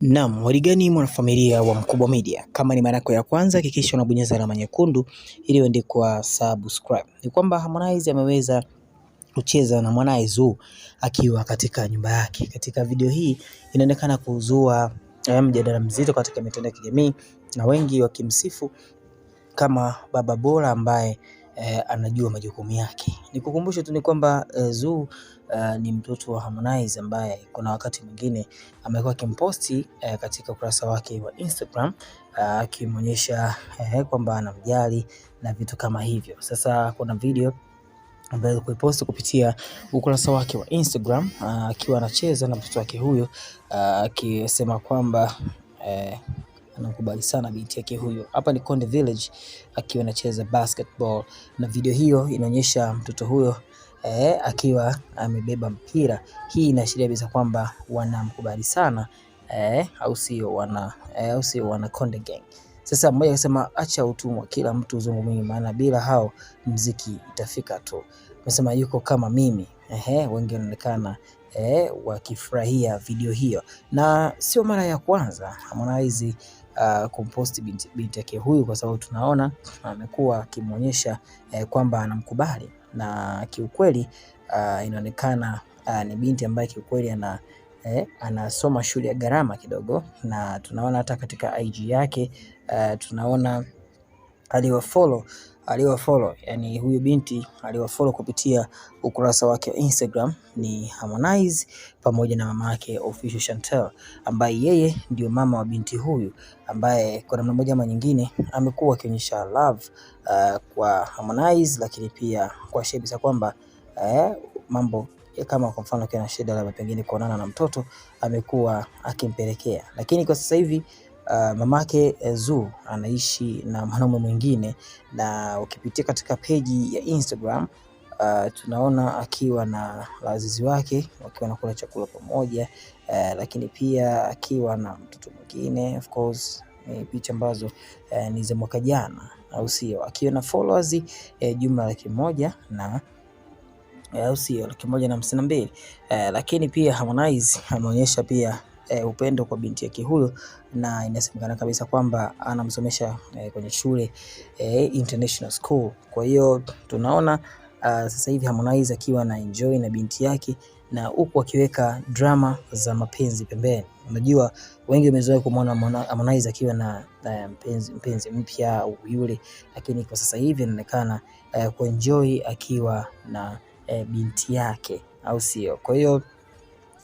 Naam, waligani mwanafamilia wa Mkubwa Media. Kama ni mara yako ya kwanza hakikisha unabonyeza alama nyekundu iliyoandikwa subscribe. Ni kwamba Harmonize ameweza kucheza na mwanae Zuu akiwa katika nyumba yake. Katika video hii inaonekana kuzua eh, mjadala mzito katika mitandao ya kijamii na wengi wakimsifu kama baba bora ambaye eh, anajua majukumu yake. Nikukumbushe tu ni kwamba uh, eh, Zuu uh, eh, ni mtoto wa Harmonize ambaye kuna wakati mwingine amekuwa akimposti uh, katika ukurasa wake wa Instagram akimwonyesha uh, uh, kwamba anamjali na vitu kama hivyo. Sasa kuna video ambaye kuiposti kupitia ukurasa wake wa Instagram akiwa anacheza na mtoto wake huyo akisema kwamba namkubali sana binti yake huyo. Hapa ni Konde Village akiwa anacheza basketball, na video hiyo inaonyesha mtoto huyo eh, akiwa amebeba mpira. Hii inaashiria bisa kwamba wanamkubali sana eh, au sio? Wana eh, au sio? Wana Konde Gang. Sasa mmoja akasema acha utumwa, kila mtu uzungu mimi, maana bila hao mziki itafika tu. Anasema yuko kama mimi. Ehe, wengi wanaonekana eh, wakifurahia video hiyo, na sio mara ya kwanza Harmonize uh, kumposti binti, binti yake huyu, kwa sababu tunaona amekuwa akimwonyesha eh, kwamba anamkubali na kiukweli uh, inaonekana uh, ni binti ambaye kiukweli ana eh, anasoma shule ya gharama kidogo, na tunaona hata katika IG yake uh, tunaona aliwafollow aliwafollow yani, huyu binti aliwafollow kupitia ukurasa wake wa Instagram ni Harmonize pamoja na mama yake Official Chantel, ambaye yeye ndio mama wa binti huyu, ambaye kwa namna moja ama nyingine amekuwa akionyesha love uh, kwa Harmonize, lakini pia kwa shebi za kwamba eh, mambo kama kwa mfano akiwa na shida labda pengine kuonana na mtoto amekuwa akimpelekea, lakini kwa sasa hivi Uh, mamake eh, zu anaishi na mwanaume mwingine, na ukipitia katika peji ya Instagram uh, tunaona akiwa na wazazi wake wakiwa nakula chakula pamoja uh, lakini pia akiwa na mtoto mwingine of course ni picha ambazo eh, ni za mwaka jana, au sio? Akiwa na followers eh, jumla laki moja na au sio, laki moja na hamsini na mbili lakini pia Harmonize ameonyesha pia e, upendo kwa binti yake huyo, na inasemekana kabisa kwamba anamsomesha e, kwenye shule e, international school. Kwa hiyo tunaona a, ah, sasa hivi Harmonize akiwa na enjoy na binti yake na huku akiweka drama za mapenzi pembeni. Unajua wengi wamezoea kumwona Harmonize akiwa na uh, mpenzi, mpenzi mpya au yule, lakini kwa sasa hivi anaonekana uh, kuenjoy akiwa na uh, binti yake, au sio? Kwa hiyo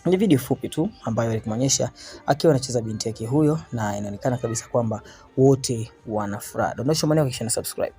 ni video fupi tu ambayo alikuonyesha akiwa anacheza binti yake huyo, na inaonekana kabisa kwamba wote wana furaha. Dondosha maneno kisha na subscribe.